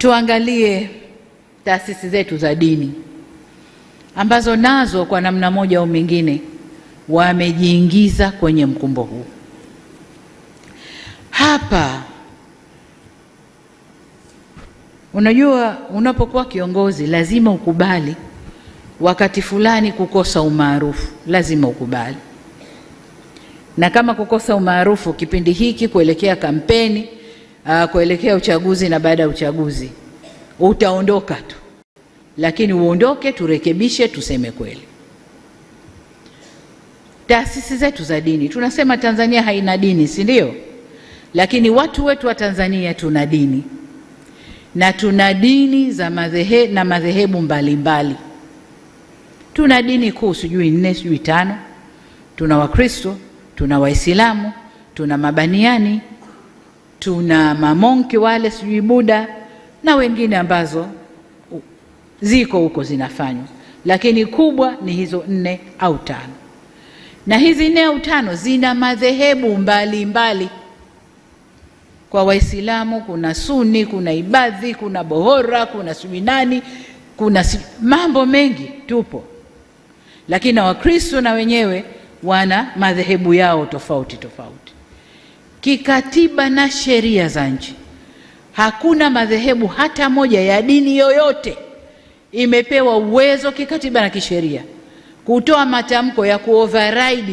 Tuangalie taasisi zetu za dini ambazo nazo kwa namna moja au mingine wamejiingiza kwenye mkumbo huu. Hapa unajua, unapokuwa kiongozi lazima ukubali wakati fulani kukosa umaarufu, lazima ukubali. Na kama kukosa umaarufu kipindi hiki kuelekea kampeni uh, kuelekea uchaguzi na baada ya uchaguzi utaondoka tu, lakini uondoke, turekebishe, tuseme kweli. Taasisi zetu za dini, tunasema Tanzania haina dini, si ndio? Lakini watu wetu wa Tanzania tuna dini na tuna dini za madhehe na madhehebu mbalimbali. Tuna dini kuu sijui nne sijui tano. Tuna Wakristo, tuna Waislamu, tuna Mabaniani, tuna mamonki wale sijui Buda na wengine ambazo ziko huko zinafanywa, lakini kubwa ni hizo nne au tano, na hizi nne au tano zina madhehebu mbalimbali mbali. Kwa Waislamu kuna Suni, kuna Ibadhi, kuna Bohora, kuna Subinani, kuna mambo mengi tupo, lakini na Wakristo na wenyewe wana madhehebu yao tofauti tofauti kikatiba na sheria za nchi. Hakuna madhehebu hata moja ya dini yoyote imepewa uwezo kikatiba na kisheria kutoa matamko ya kuoverride